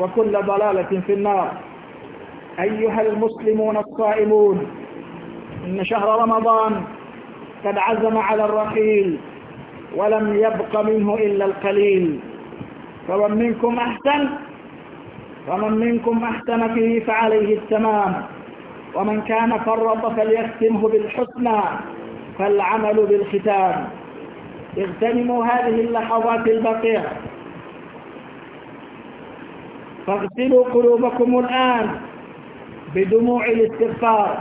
وكل ضلالة في النار أيها المسلمون الصائمون إن شهر رمضان قد عزم على الرحيل ولم يبق منه إلا القليل فمن منكم أحسن فمن منكم أحسن فيه فعليه التمام ومن كان فرط فليختمه بالحسنى فالعمل بالختام اغتنموا هذه اللحظات البقيه فاغسلوا قلوبكم الآن بدموع الاستغفار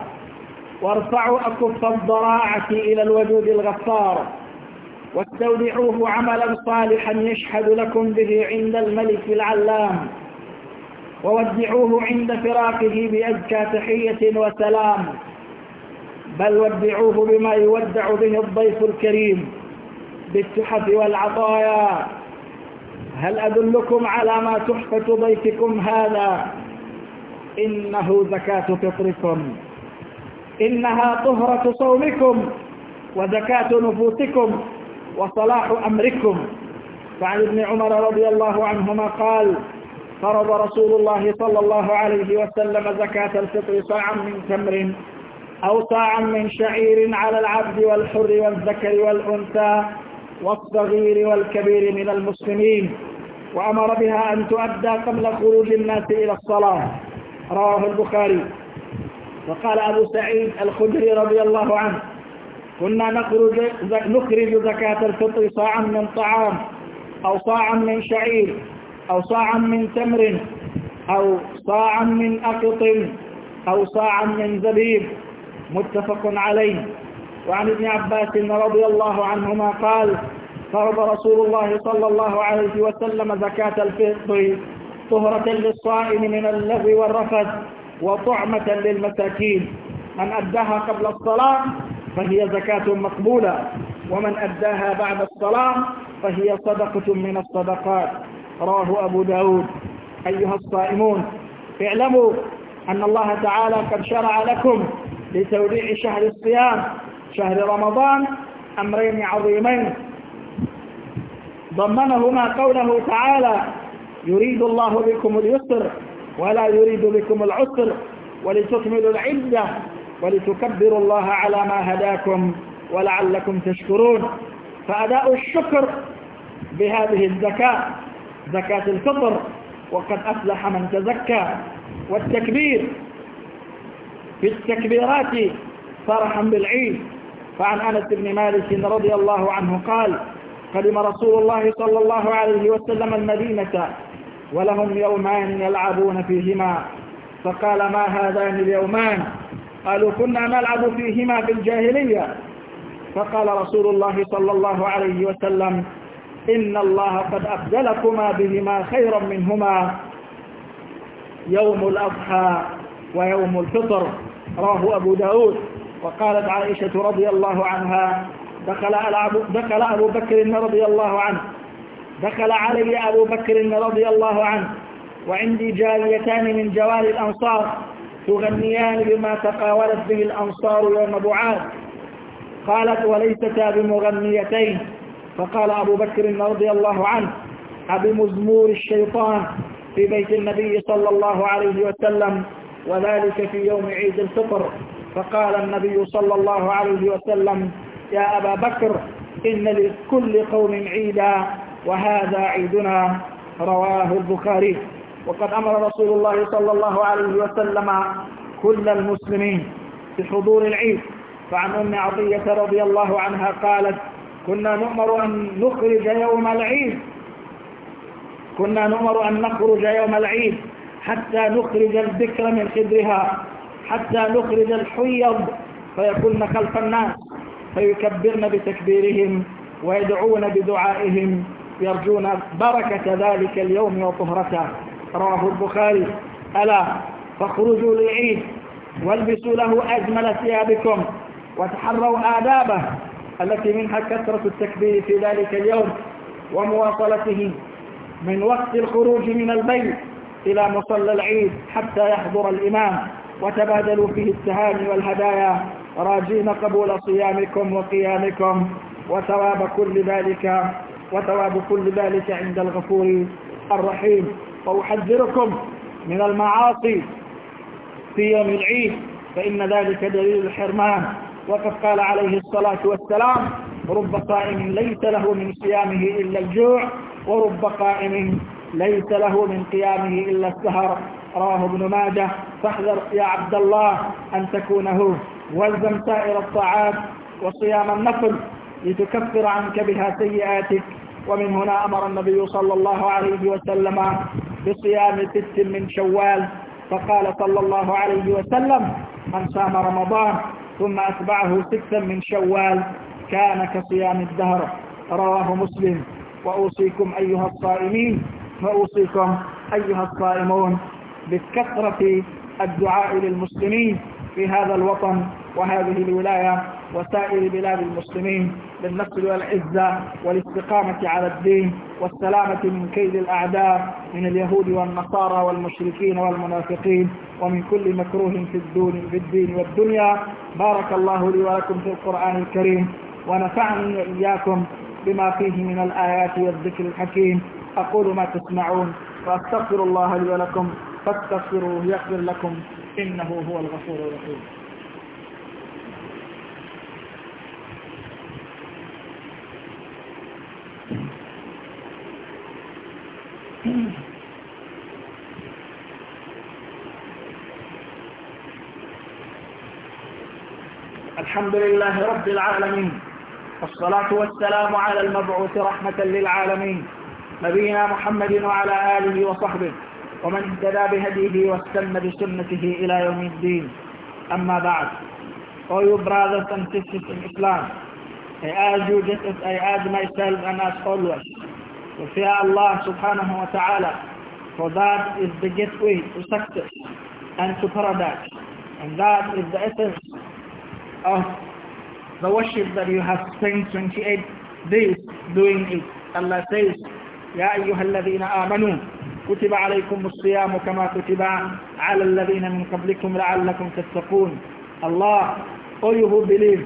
وارفعوا أكف الضراعة إلى الوجود الغفار واستودعوه عملا صالحا يشهد لكم به عند الملك العلام وودعوه عند فراقه بأزكى تحية وسلام بل ودعوه بما يودع به الضيف الكريم بالتحف والعطايا هل أدلكم على ما تحفة ضيفكم هذا إنه زكاة فطركم إنها طهرة صومكم وزكاة نفوسكم وصلاح أمركم فعن ابن عمر رضي الله عنهما قال فرض رسول الله صلى الله عليه وسلم زكاة الفطر صاعا من تمر أو صاعا من شعير على العبد والحر والذكر والأنثى والصغير والكبير من المسلمين وأمر بها أن تؤدى قبل خروج الناس إلى الصلاة رواه البخاري وقال أبو سعيد الخدري رضي الله عنه كنا نخرج نخرج زكاة الفطر صاعا من طعام أو صاعا من شعير أو صاعا من تمر أو صاعا من أقط أو صاعا من زبيب متفق عليه وعن ابن عباس رضي الله عنهما قال فرض رسول الله صلى الله عليه وسلم زكاة الفطر طهرة للصائم من اللغو والرفث وطعمة للمساكين من أداها قبل الصلاة فهي زكاة مقبولة ومن أداها بعد الصلاة فهي صدقة من الصدقات رواه أبو داود أيها الصائمون اعلموا أن الله تعالى قد شرع لكم لتوديع شهر الصيام شهر رمضان أمرين عظيمين ضمنهما قوله تعالى يريد الله بكم اليسر ولا يريد بكم العسر ولتكملوا العدة ولتكبروا الله على ما هداكم ولعلكم تشكرون فأداء الشكر بهذه الزكاة زكاة الفطر وقد أفلح من تزكى والتكبير في التكبيرات فرحا بالعيد فعن أنس بن مالك رضي الله عنه قال قدم رسول الله صلى الله عليه وسلم المدينة ولهم يومان يلعبون فيهما فقال ما هذان اليومان قالوا كنا نلعب فيهما في الجاهلية فقال رسول الله صلى الله عليه وسلم إن الله قد أبدلكما بهما خيرا منهما يوم الأضحى ويوم الفطر راه أبو داود وقالت عائشة رضي الله عنها دخل على دخل أبو بكر رضي الله عنه دخل علي أبو بكر رضي الله عنه وعندي جاريتان من جوار الأنصار تغنيان بما تقاولت به الأنصار يوم بعاد قالت وليستا بمغنيتين فقال أبو بكر رضي الله عنه أبمزمور الشيطان في بيت النبي صلى الله عليه وسلم وذلك في يوم عيد الفطر فقال النبي صلى الله عليه وسلم يا أبا بكر إن لكل قوم عيدا وهذا عيدنا رواه البخاري وقد أمر رسول الله صلى الله عليه وسلم كل المسلمين بحضور العيد فعن أم عطية رضي الله عنها قالت كنا نؤمر أن نخرج يوم العيد كنا نؤمر أن نخرج يوم العيد حتى نخرج الذكر من خدرها حتى نخرج الحيض فيكون خلف الناس فيكبرن بتكبيرهم ويدعون بدعائهم يرجون بركة ذلك اليوم وطهرته رواه البخاري ألا فاخرجوا للعيد والبسوا له أجمل ثيابكم وتحروا آدابه التي منها كثرة التكبير في ذلك اليوم ومواصلته من وقت الخروج من البيت إلى مصلى العيد حتى يحضر الإمام وتبادلوا فيه التهاني والهدايا راجين قبول صيامكم وقيامكم وثواب كل ذلك وثواب كل ذلك عند الغفور الرحيم وأحذركم من المعاصي في يوم العيد فإن ذلك دليل الحرمان وقد قال عليه الصلاة والسلام رب صائم ليس له من صيامه إلا الجوع ورب قائم ليس له من قيامه إلا السهر رواه ابن ماجه فاحذر يا عبد الله أن تكونه والزم سائر الطاعات وصيام النفل لتكفر عنك بها سيئاتك ومن هنا أمر النبي صلى الله عليه وسلم بصيام ست من شوال فقال صلى الله عليه وسلم من صام رمضان ثم أتبعه ستا من شوال كان كصيام الدهر رواه مسلم وأوصيكم أيها الصائمين وأوصيكم أيها الصائمون بكثرة الدعاء للمسلمين في هذا الوطن وهذه الولاية وسائر بلاد المسلمين للنصر والعزة والاستقامة على الدين والسلامة من كيد الأعداء من اليهود والنصارى والمشركين والمنافقين ومن كل مكروه في الدين, في الدين والدنيا بارك الله لي ولكم في القرآن الكريم ونفعني وإياكم بما فيه من الآيات والذكر الحكيم أقول ما تسمعون وأستغفر الله لي ولكم فاستغفروه يغفر لكم إنه هو الغفور الرحيم الحمد لله رب العالمين والصلاة والسلام على المبعوث رحمة للعالمين نبينا محمد وعلى آله وصحبه ومن اهتدى بهديه واستنى بسنته إلى يوم الدين أما بعد All oh, you brothers and sisters in Islam I urge you just as I urge myself and as always So fear Allah subhanahu wa ta'ala, for that is the gateway to success and to paradise. And that is the essence of the worship that you have spent 28 days doing it. Allah says, يا أيها الذين آمنوا كتب عليكم الصيام كما كتب على الذين من قبلكم لعلكم تتقون Allah, all you who believe,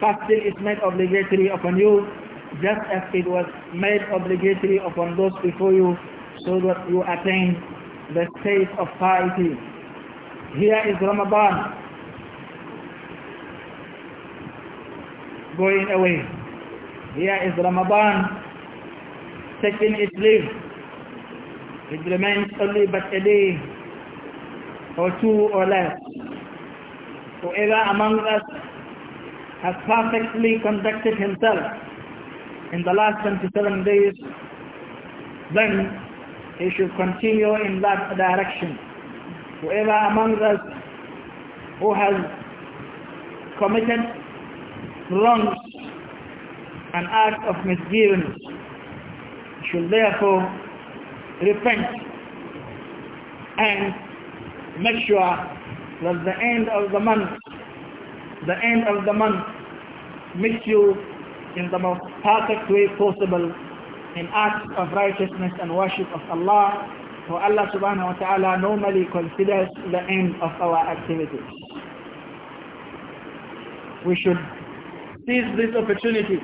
fasting is made obligatory upon you just as it was made obligatory upon those before you so that you attain the state of piety. Here is Ramadan going away. Here is Ramadan taking its leave. It remains only but a day or two or less. Whoever among us has perfectly conducted himself in the last 27 days, then he should continue in that direction. Whoever among us who has committed wrongs and acts of misgivings should therefore repent and make sure that the end of the month, the end of the month makes you in the most perfect way possible in acts of righteousness and worship of Allah. For Allah subhanahu wa ta'ala normally considers the end of our activities. We should seize this opportunity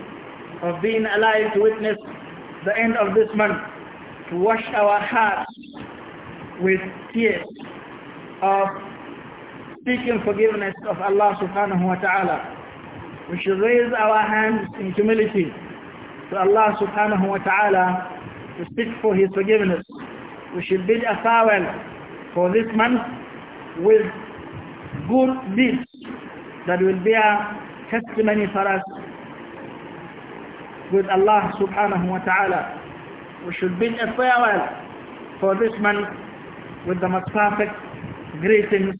of being alive to witness the end of this month, to wash our hearts with tears of seeking forgiveness of Allah subhanahu wa ta'ala we should raise our hands in humility to Allah subhanahu wa ta'ala to seek for His forgiveness. We should bid a farewell for this month with good deeds that will be a testimony for us with Allah subhanahu wa ta'ala. We should bid a farewell for this month with the most perfect greetings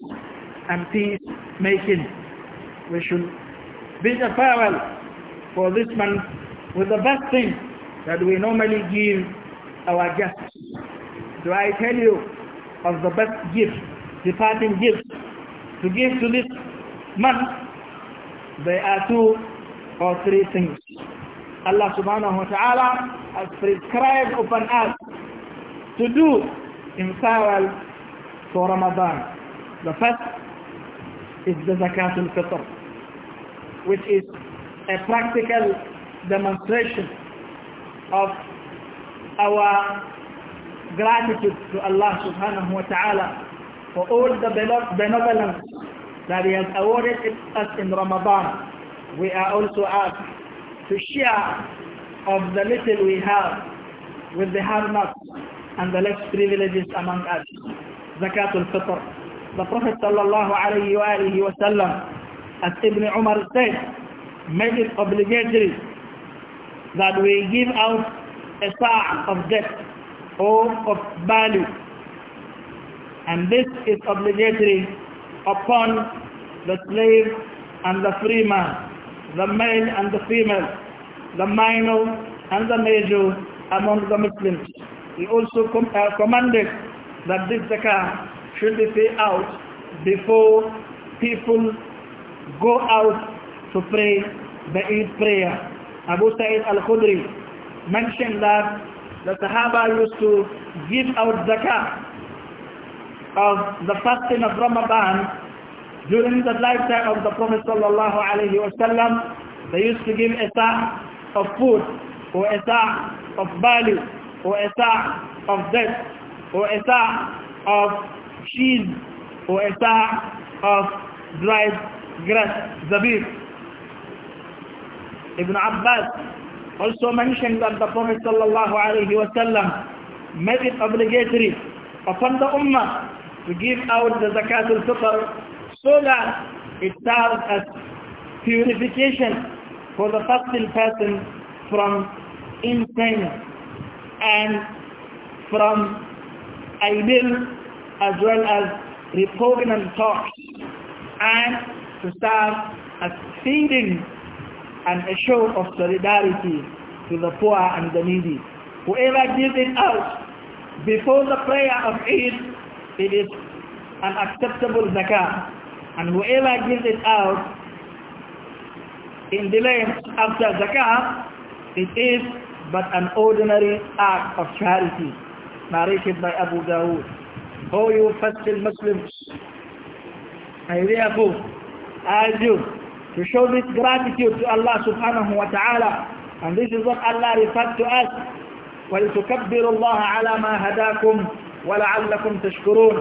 and peace making. We should this apparel for this month with the best thing that we normally give our guests. Do I tell you of the best gift, departing gift to give to this month? There are two or three things. Allah subhanahu wa ta'ala has prescribed upon us to do in farewell for Ramadan. The first is the zakat al-fitr which is a practical demonstration of our gratitude to Allah subhanahu wa ta'ala for all the benevolence that He has awarded us in Ramadan. We are also asked to share of the little we have with the hard-nuts and the less privileged among us. Zakatul Fitr. The Prophet sallallahu alayhi wa sallam as Ibn Umar said, made it obligatory that we give out a sa' of debt or of value. And this is obligatory upon the slave and the free man, the male and the female, the minor and the major among the Muslims. He also com uh, commanded that this zakah should be paid out before people go out to pray the Eid prayer. Abu Sa'id al-Khudri mentioned that the Sahaba used to give out zakah of the fasting of Ramadan during the lifetime of the Prophet sallallahu alayhi wasallam. They used to give a sah of food or a sah of barley or a sah of dates or a sah of cheese or a sah of dried grass, zabir. Ibn Abbas also mentioned that the Prophet ﷺ made it obligatory upon the Ummah to give out the Zakat al-Fitr so that it serves as purification for the fasting person from incense and from idle as well as repugnant thoughts and to serve as feeding and a show of solidarity to the poor and the needy. Whoever gives it out before the prayer of Eid, it is an acceptable zakah. And whoever gives it out in delay after zakah, it is but an ordinary act of charity. Narrated by Abu Dawood. O you fasting Muslims, I therefore I you to show this gratitude to Allah subhanahu wa ta'ala and this is what Allah referred to us وَلْتُكَبِّرُوا اللَّهَ عَلَى مَا هَدَاكُمْ وَلَعَلَّكُمْ تَشْكُرُونَ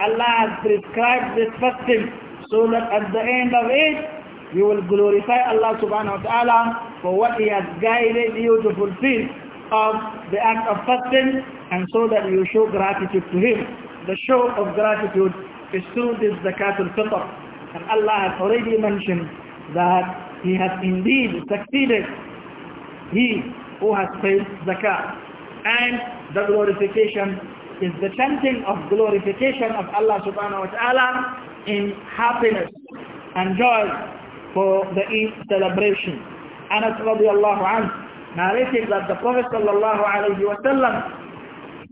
Allah has prescribed this fasting so that at the end of it you will glorify Allah subhanahu wa ta'ala for what He has guided you to fulfill of the act of fasting and so that you show gratitude to Him. The show of gratitude is through this zakat al-fitr. And Allah has already mentioned that he has indeed succeeded, he who has paid zakat. And the glorification is the chanting of glorification of Allah subhanahu wa ta'ala in happiness and joy for the Eid celebration. Anas radiallahu anhu narrated that the Prophet sallallahu alayhi wa sallam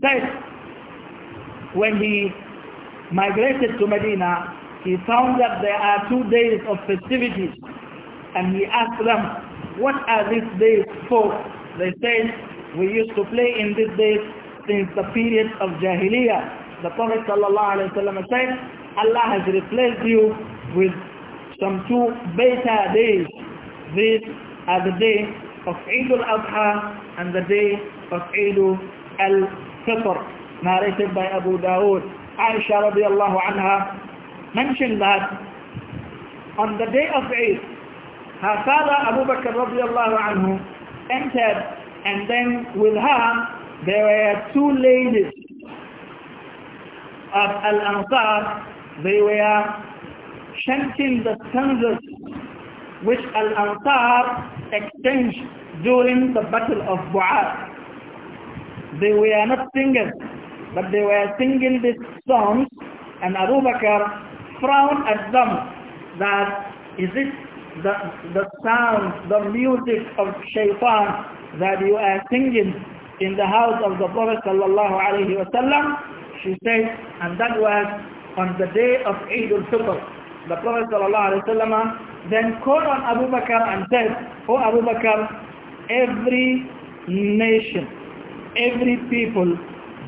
said when he migrated to Medina he found that there are two days of festivities and he asked them, what are these days for? They said, we used to play in these days since the period of Jahiliyyah. The Prophet ﷺ said, Allah has replaced you with some two better days. These are the day of Eid al-Adha and the day of Eid al-Fitr, narrated by Abu Dawood. Aisha radiallahu anha mentioned that on the day of Eid, her father Abu Bakr radiallahu anhu entered and then with her there were two ladies of Al-Ansar. They were chanting the stanzas which Al-Ansar exchanged during the battle of Bu'ad. They were not singers, but they were singing these songs and Abu Bakr frown at them that is it the, the sound, the music of shaitan that you are singing in the house of the Prophet sallallahu alayhi wa she says, and that was on the day of Eid al-Fitr. The Prophet sallallahu alayhi wa then called on Abu Bakr and said, O oh Abu Bakr, every nation, every people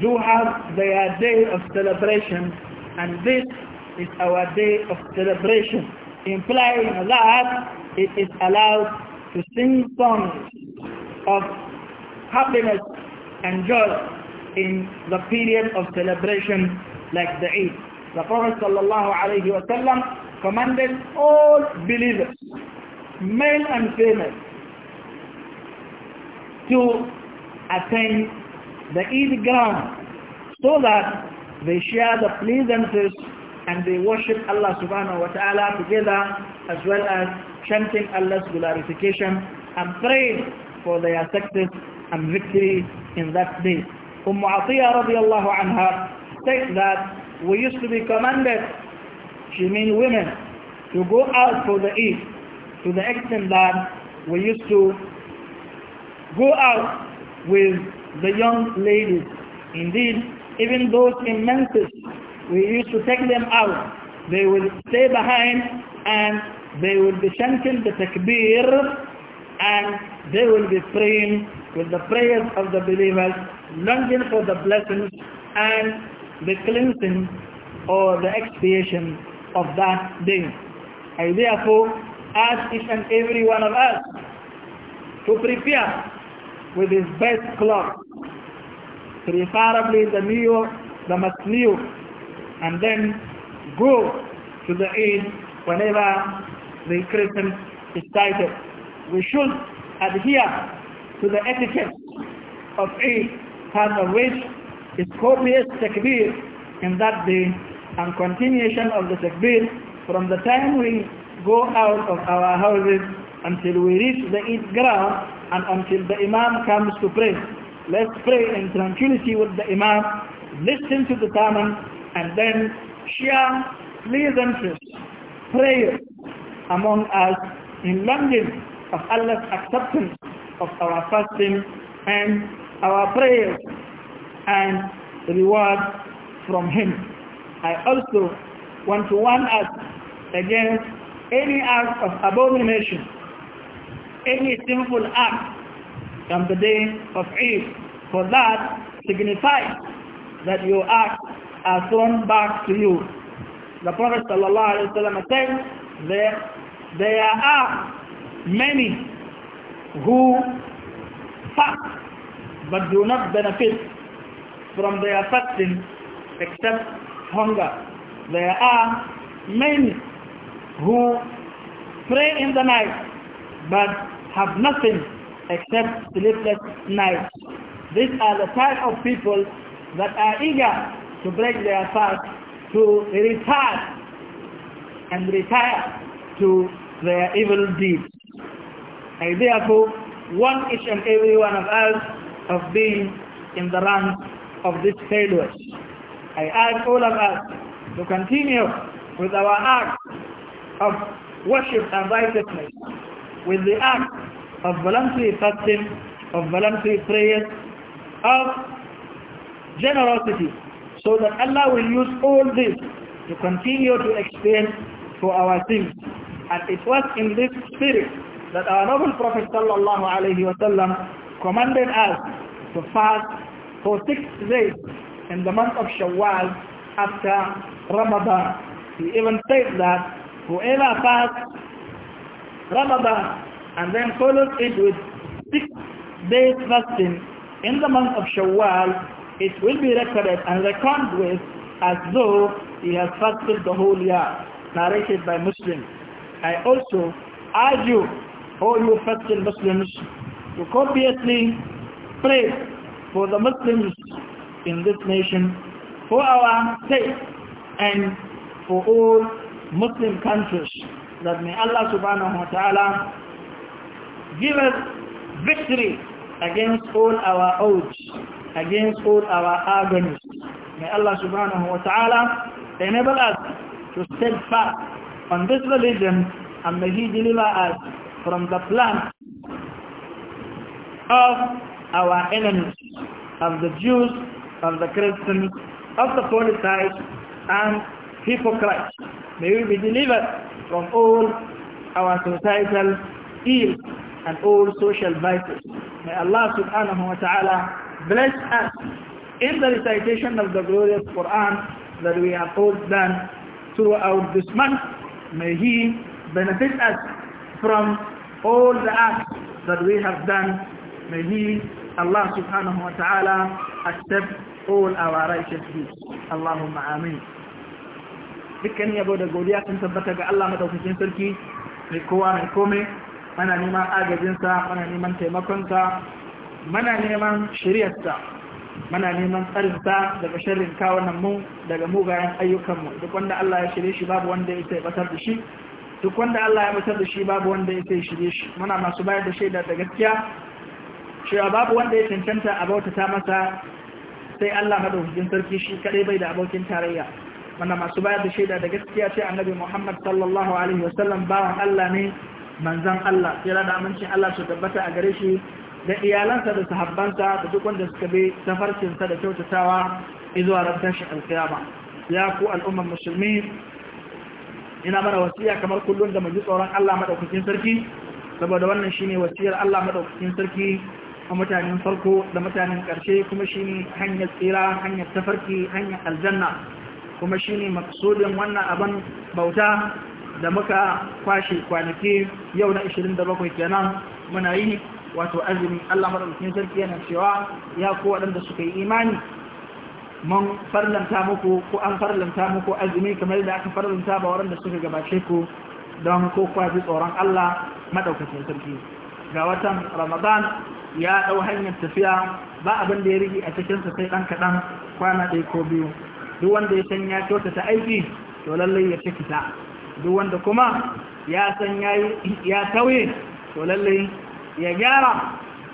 do have their day of celebration and this is our day of celebration, implying that it is allowed to sing songs of happiness and joy in the period of celebration like the Eid. The Prophet ﷺ commanded all believers, male and female, to attend the Eid ground so that they share the pleasantries and they worship Allah subhanahu wa ta'ala together as well as chanting Allah's glorification and praying for their success and victory in that day. Umm Atiyah radiallahu anha states that we used to be commanded, she means women, to go out for the Eid to the extent that we used to go out with the young ladies. Indeed, even those in menses we used to take them out. They will stay behind and they will be chanting the takbir and they will be praying with the prayers of the believers, longing for the blessings and the cleansing or the expiation of that day. I therefore ask each and every one of us to prepare with his best cloth, preferably the new, the most new and then go to the aid whenever the Christian is cited. We should adhere to the etiquette of aid, part of which is copious takbir in that day and continuation of the takbir from the time we go out of our houses until we reach the Eid ground and until the Imam comes to pray. Let's pray in tranquility with the Imam, listen to the sermon, and then share pleasantries, prayers among us in longing of Allah's acceptance of our fasting and our prayers and reward from Him. I also want to warn us against any act of abomination, any sinful act on the day of Eid, for that signifies that your act are thrown back to you. The Prophet ﷺ said there, there are many who fast but do not benefit from their fasting except hunger. There are many who pray in the night but have nothing except sleepless nights. These are the type of people that are eager to break their fast, to retire and retire to their evil deeds. I therefore warn each and every one of us of being in the ranks of these failures. I ask all of us to continue with our act of worship and righteousness, with the act of voluntary fasting, of voluntary prayers, of generosity, so that Allah will use all this to continue to explain for our sins. And it was in this spirit that our noble Prophet sallallahu alaihi wasallam commanded us to fast for six days in the month of Shawwal after Ramadan. He even said that whoever fasts Ramadan and then follows it with six days fasting in the month of Shawwal it will be recorded and reckoned with as though he has fasted the whole year, narrated by Muslims. I also urge you, all you fasting Muslims, to copiously pray for the Muslims in this nation, for our sake, and for all Muslim countries, that may Allah subhanahu wa ta'ala give us victory against all our odds against all our agonies. May Allah subhanahu wa ta'ala enable us to step fast on this religion and may He deliver us from the plans of our enemies, of the Jews, of the Christians, of the politicians and hypocrites. May we be delivered from all our societal ills and all social vices. May Allah subhanahu wa ta'ala bless us in the recitation of the glorious Quran that we are told done throughout this month. May He benefit us from all the acts that we have done. May He, Allah subhanahu wa ta'ala, accept all our righteous deeds. Allahumma ameen. Dukkan yabo da godiya sun tabbata ga Allah madaukakin sarki mai kowa mai kome, mana neman agajinsa, mana neman taimakonsa, mana neman shiryarsa mana neman tsarinsa daga shirin kawunan mu daga mugayen ayyukanmu duk wanda Allah ya shirye shi babu wanda ya sai batar da shi duk wanda Allah ya batar da shi babu wanda ya sai shirye shi muna masu bayar da shaida da gaskiya cewa babu wanda ya cancanta a bauta ta masa sai Allah madaukakin sarki shi kadai bai da abokin tarayya muna masu bayar da shaida da gaskiya sai annabi Muhammad sallallahu alaihi wasallam bawan Allah ne manzan Allah sai da amincin Allah su tabbata a gare shi da iyalansa da sahabbansa da duk wanda suka bi tafarkinsa da kyautatawa izuwa ran tashin alkiyama ya ku al'ummar musulmi ina mana wasiya kamar kullum da mu ji tsoron Allah madaukakin sarki saboda wannan shine wasiyar Allah madaukakin sarki a mutanen farko da mutanen ƙarshe kuma shine hanyar tsira hanyar tafarki hanyar aljanna kuma shine maksudin wannan abin bauta da muka kwashe kwanaki yau na 27 kenan muna yi wato azumi Allah madaukakin sarki yana cewa ya ku waɗanda suka yi imani mun farlanta muku ko an farlanta muku azumi kamar da aka farlanta ba waɗanda suka gabace ku don ko kwafi tsoron Allah madaukakin sarki ga watan Ramadan ya ɗau hanyar tafiya ba abin da ya rigi a cikinsa sai ɗan kaɗan kwana ɗaya ko biyu duk wanda ya san ya kyautata aiki to lallai ya cikita duk wanda kuma ya san ya tauye to lallai ya gyara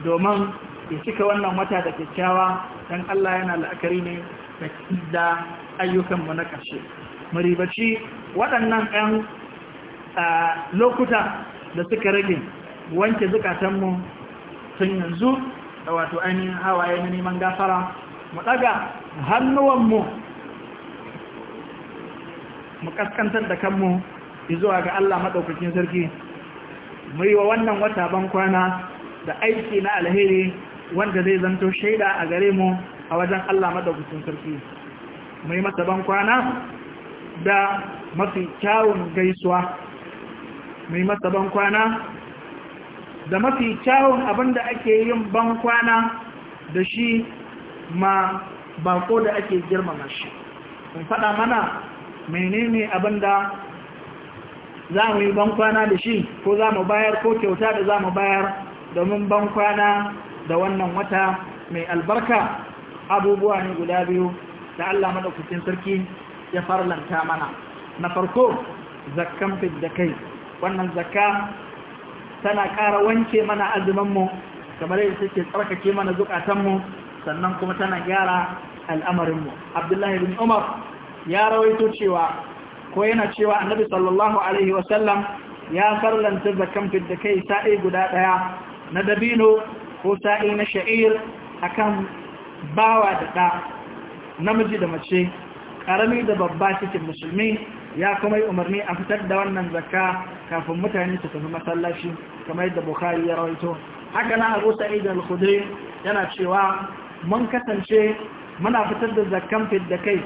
domin ya cika wannan wata da kyakkyawa don Allah yana la'akari ne da ayyukanmu na ƙarshe maribaci waɗannan ɗan lokuta da suka rage wanke zukatanmu tun yanzu da wato ainihin hawaye na neman gafara mu ɗaga hannuwanmu mu ƙaskantar da kanmu zuwa ga Allah maɗaukakin sarki mu yi wa wannan wata ban kwana da aiki na alheri wanda zai zanto shaida a gare mu a wajen Allah madaukakin sarki mu yi masa ban da mafi kyawun gaisuwa mu yi masa ban da mafi kyawun abinda da ake yin bankwana kwana da shi ma bako da ake girmama shi in faɗa mana menene abin da za mu yi bankwana da shi ko za mu bayar ko kyauta da za mu bayar domin bankwana da wannan wata mai albarka abubuwa ne guda biyu da Allah maɗaukacin sarki ya farlanta mana na farko zakkan fit da kai wannan zakka tana ƙara wanke mana azumanmu kamar yadda take tsarkake mana zukatanmu sannan kuma tana gyara al'amarinmu abdullahi bin umar ya rawaito cewa ko yana cewa annabi sallallahu alaihi wasallam ya farlanta zakan fidda kai sa'i guda ɗaya na dabino ko sa'i na sha'ir akan bawa da ɗa namiji da mace ƙarami da babba cikin musulmi ya kuma yi umarni a fitar da wannan zakka kafin mutane su tafi masallaci kamar yadda Bukhari ya rawaito haka na Abu Sa'id al-Khudri yana cewa mun kasance muna fitar da zakkan fidda kai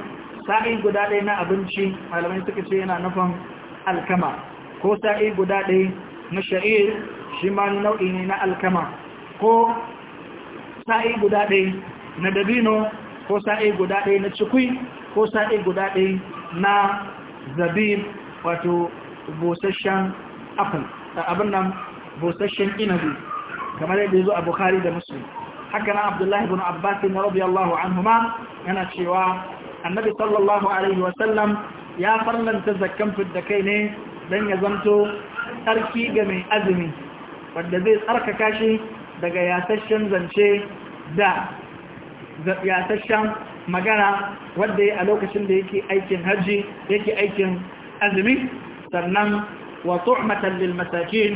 sa'i guda ɗaya na abinci malamai suka ce yana nufin alkama ko sa'i guda ɗaya na sha'ir shi ma nau'i ne na alkama ko sa'i guda ɗaya na dabino ko sa'i guda ɗaya na cikui ko sa'i guda ɗaya na zabib wato busasshen da abin nan busasshen inabi kamar yadda zo a bukhari da musulun haka na abdullahi bin abbas na radiyallahu anhuma yana cewa annabi sallallahu alaihi wasallam ya farlanta zakkan fidda kai ne don ya zanto tsarki ga mai azumi wadda zai tsarkaka shi daga yasashen zance da yasashen magana wadda ya a lokacin da yake aikin hajji yake aikin azumi sannan wa matallin lil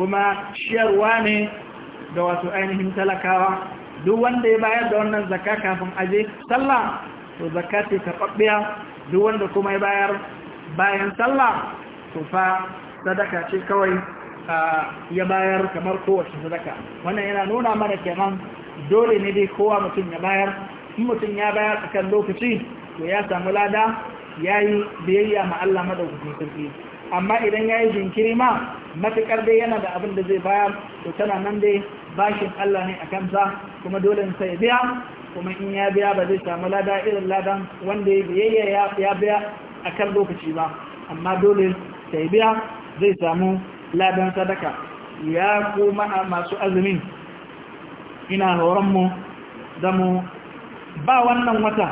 kuma shiyarwa ne da wasu ainihin talakawa duk wanda ya bayar da wannan zakka kafin aje sallah to zakati ta karɓaɓɓiya duk wanda kuma ya bayar bayan sallah to fa sadaka ce kawai ya bayar kamar kowace sadaka wannan yana nuna mana kenan dole ne dai kowa mutum ya bayar in mutum ya bayar tsakan lokaci to ya samu lada ya yi biyayya ma Allah madaukakin sarki amma idan ya yi jinkiri ma matuƙar dai yana da abin da zai bayar to tana nan dai bashin Allah ne a kansa kuma dole ne sai biya kuma in ya biya ba zai samu lada irin ladan wanda ya biyayya ya biya a kan lokaci ba amma dole sai biya zai samu ladan sadaka ya kuma masu azumin ina horonmu da mu ba wannan wata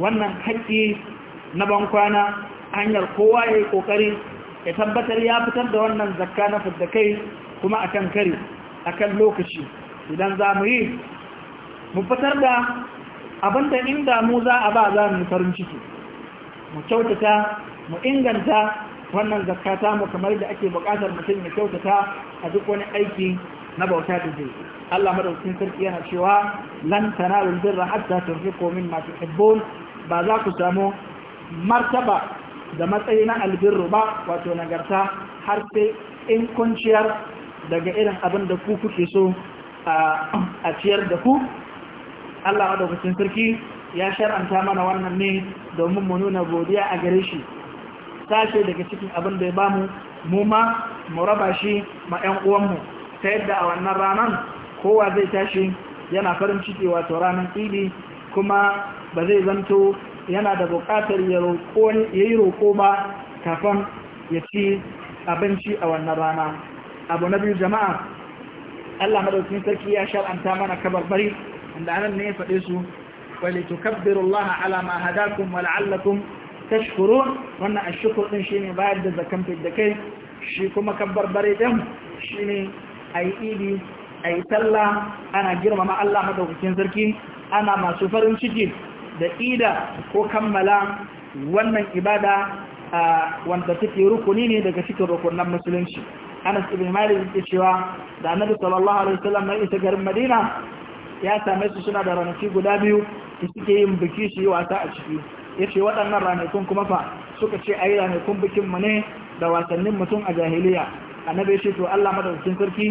wannan haƙƙi na bankwana hanyar kowa ya yi ƙoƙari ya tabbatar ya fitar da wannan zakka na fadda kai kuma a akan kare kan lokaci idan za mu yi mu fitar da abinda inda mu za a ba za mu farin ciki mu kyautata mu inganta wannan zakata mu kamar da ake bukatar mutum ya kyautata a duk wani aiki na bauta da zai Allah madaukakin sarki yana cewa lan tanalu birra hatta tunfiqu ma tuhibbun ba za ku samu martaba da matsayi na albirru ba wato nagarta har sai in kunciyar daga irin abin da ku kuke so a ciyar da ku Allah madaukacin sarki ya shar'anta mana wannan ne domin mu nuna godiya a gare shi sashe daga cikin abin da ya bamu mu ma mu raba shi ma ƴan uwanmu ta yadda a wannan ranar kowa zai tashi yana farin ciki wato ranar idi kuma ba zai zanto yana da buƙatar ya yi roƙo ba kafin ya ci abinci a wannan rana abu na biyu jama'a Allah madaukakin sarki ya shar'anta mana kabar-bari. inda anan ne ya faɗe su walitukabbiru Allah ala ma hadakum wa la'allakum tashkurun wannan ashkur din shine bayar da zakan da kai shi kuma kabbar bare din shine ayi idi ayi sallah ana girmama Allah madaukakin sarki ana masu farin ciki da ida ko kammala wannan ibada wanda take rukuni ne daga cikin rukunan musulunci Anas ibn Malik yake cewa da Annabi sallallahu alaihi wasallam ya isa garin Madina ya same su suna da ranaki guda biyu da suke yin biki su yi wasa a ciki ya ce waɗannan ranakun kuma fa suka ce a yi ranakun bikin mu ne da wasannin mutum a jahiliya annabi shi to Allah madaukakin sarki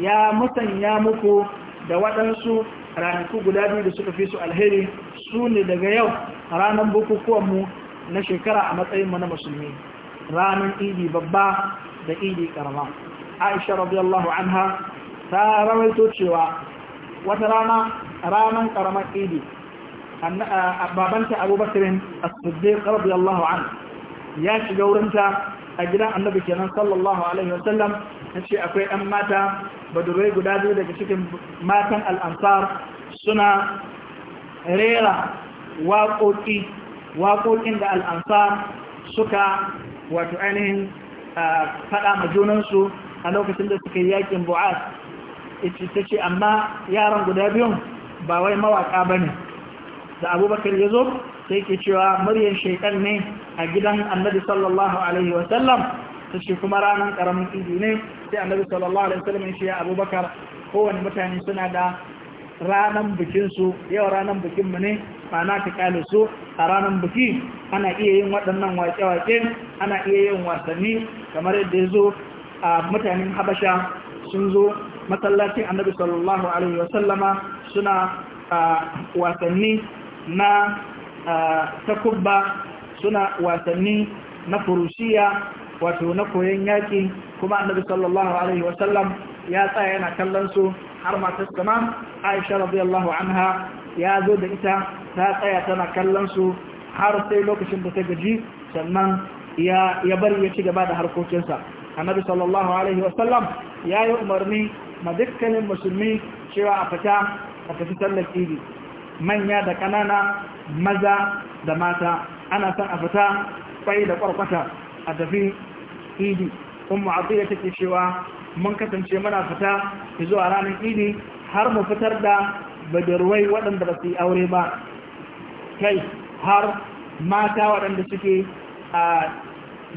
ya musanya muku da waɗansu ranaku guda biyu da suka fi su alheri su ne daga yau ranar bukukuwan mu na shekara a matsayin mu na musulmi ranar idi babba da idi karama aisha radiyallahu anha ta rawaito cewa wata rana ranar karamar idi babanta abubakarin as-siddiq radiyallahu an ya shiga wurinta a gidan annabi kenan sallallahu alaihi wasallam ya ce akwai ɗan mata badurai guda biyu daga cikin matan al'ansar suna rera waƙoƙi waƙoƙin da al'ansar suka wato ainihin faɗa ma junansu a lokacin da suka yi yakin bu'as ita ce amma yaran guda biyun ba wai mawaka ba ne da abubakar ya zo sai ke cewa muryar shekar ne a gidan annabi sallallahu alaihi wasallam ta ce kuma ranar karamin idi ne sai annabi sallallahu alaihi wasallam ya abubakar kowane mutane suna da ranar bikinsu yau ranar bikinmu ne ba na ta kyale su a ranar biki ana iya yin waɗannan wake-wake ana iya yin wasanni kamar yadda ya zo a mutanen habasha sun zo masallacin annabi sallallahu alaihi wasallama suna wasanni na takubba suna wasanni na furushiya wato na koyon yaƙi kuma annabi sallallahu alaihi wasallam ya tsaya yana kallon su har matar sama aisha radiyallahu anha ya zo da ita ta tsaya tana kallon su har sai lokacin da ta gaji sannan ya bari ya ci gaba da harkokinsa annabi sallallahu alaihi wasallam ya yi umarni ma dukkanin musulmi cewa a fita a tafi sallar idi manya da kanana maza da mata ana son a fita kwai da kwarkwata a tafi idi kuma abin take cewa mun kasance muna fita zuwa ranar idi har mu fitar da badarwai waɗanda ba su yi aure ba kai har mata waɗanda suke a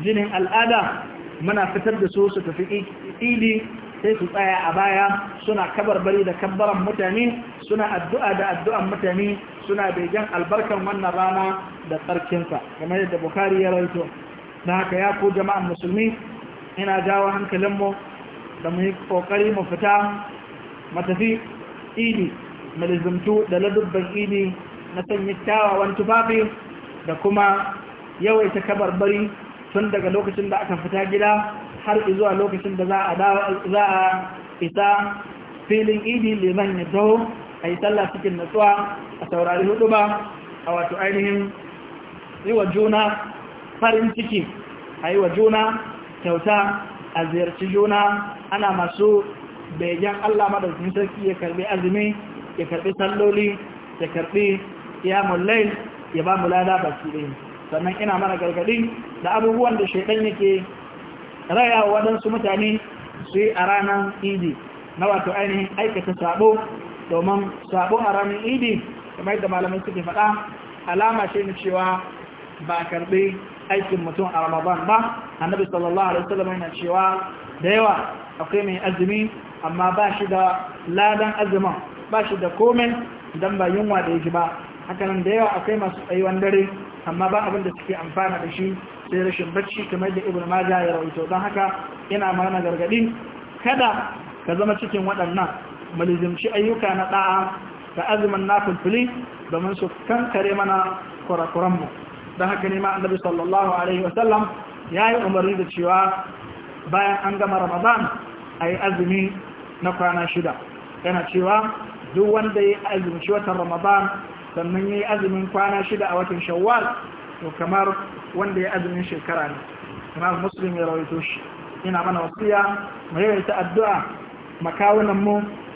jinin al'ada muna fitar da su su tafi idi sai su tsaya a baya suna kabarbari da kabbaran mutane suna addu'a da addu'an mutane suna begen albarkan wannan rana da tsarkinsa game da bukari ya raito na haka ya ku jama'an musulmi ina jawo hankalinmu da mu yi ƙoƙari mu fita matafi idi malizumtu da ladubban idi na sanya kyawawan tufafi da kuma yawaita kabarbari tun daga lokacin da aka fita gida har zuwa lokacin da za a isa filin idi liman ya taho a yi sallah cikin natsuwa a saurari hudu ba a wato ainihin yi wa juna farin ciki a yi wa juna kyauta a ziyarci juna ana masu begen Allah madaukin sarki ya karbi azumi ya karbi salloli ya karbi yamun lai ya ba mu lada ba su sannan ina mana gargadi da abubuwan da shaidan yake raya waɗansu mutane su yi a ranar idi na wato ainihin aikata sabo domin sabo a ranar idi kamar da malamai suke faɗa alama ce ne cewa ba a karɓi aikin mutum a ramadan ba annabi sallallahu alaihi wasallam yana cewa da yawa akwai mai azumi amma ba shi da ladan azumin ba shi da komai idan ba yunwa da yake ba hakanan da yawa akwai masu tsayuwan dare amma ba abin da suke amfana da shi sai rashin bacci kamar da ibn maja ya rawaito don haka yana mana gargadin kada ka zama cikin waɗannan malizimci ayyuka na da'a ta azumin nafilfili domin su kankare mana kurakuranmu don haka ne ma annabi sallallahu alaihi wasallam ya yi umarni da cewa bayan an gama ramadan a yi azumi na kwana shida yana cewa duk wanda ya azumci watan ramadan sannan ya yi azumin kwana shida a watan shawwal to kamar wanda ya azumin shekara ne kamar muslim ya rawaito shi ina mana wasiya mu yawaita addu'a makawunanmu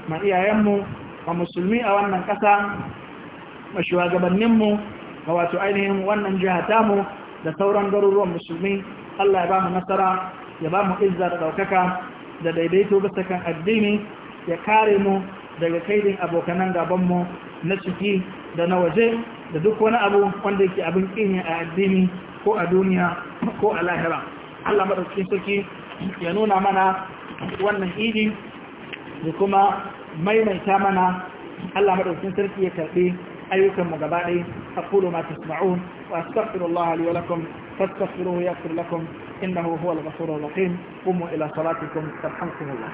ma iyayenmu ma musulmi a wannan ƙasa ma shugabanninmu ma wato ainihin wannan jiha tamu da sauran garuruwan musulmi Allah ya ba mu nasara ya ba mu izza da ɗaukaka da daidaito bisa kan addini ya kare mu daga kaidin abokanan mu. na ciki da na waje da duk wani abu wanda yake abin kini a addini ko a duniya ko a lahira Allah madaukakin sarki ya nuna mana wannan idi da kuma maimaita mana Allah madaukakin sarki ya karbi ayyukan mu gaba ɗaya aqulu ma tasma'un wa astaghfirullah li wa lakum fastaghfiruhu yaghfir lakum innahu huwal ghafurur rahim qumu ila salatikum tarhamkumullah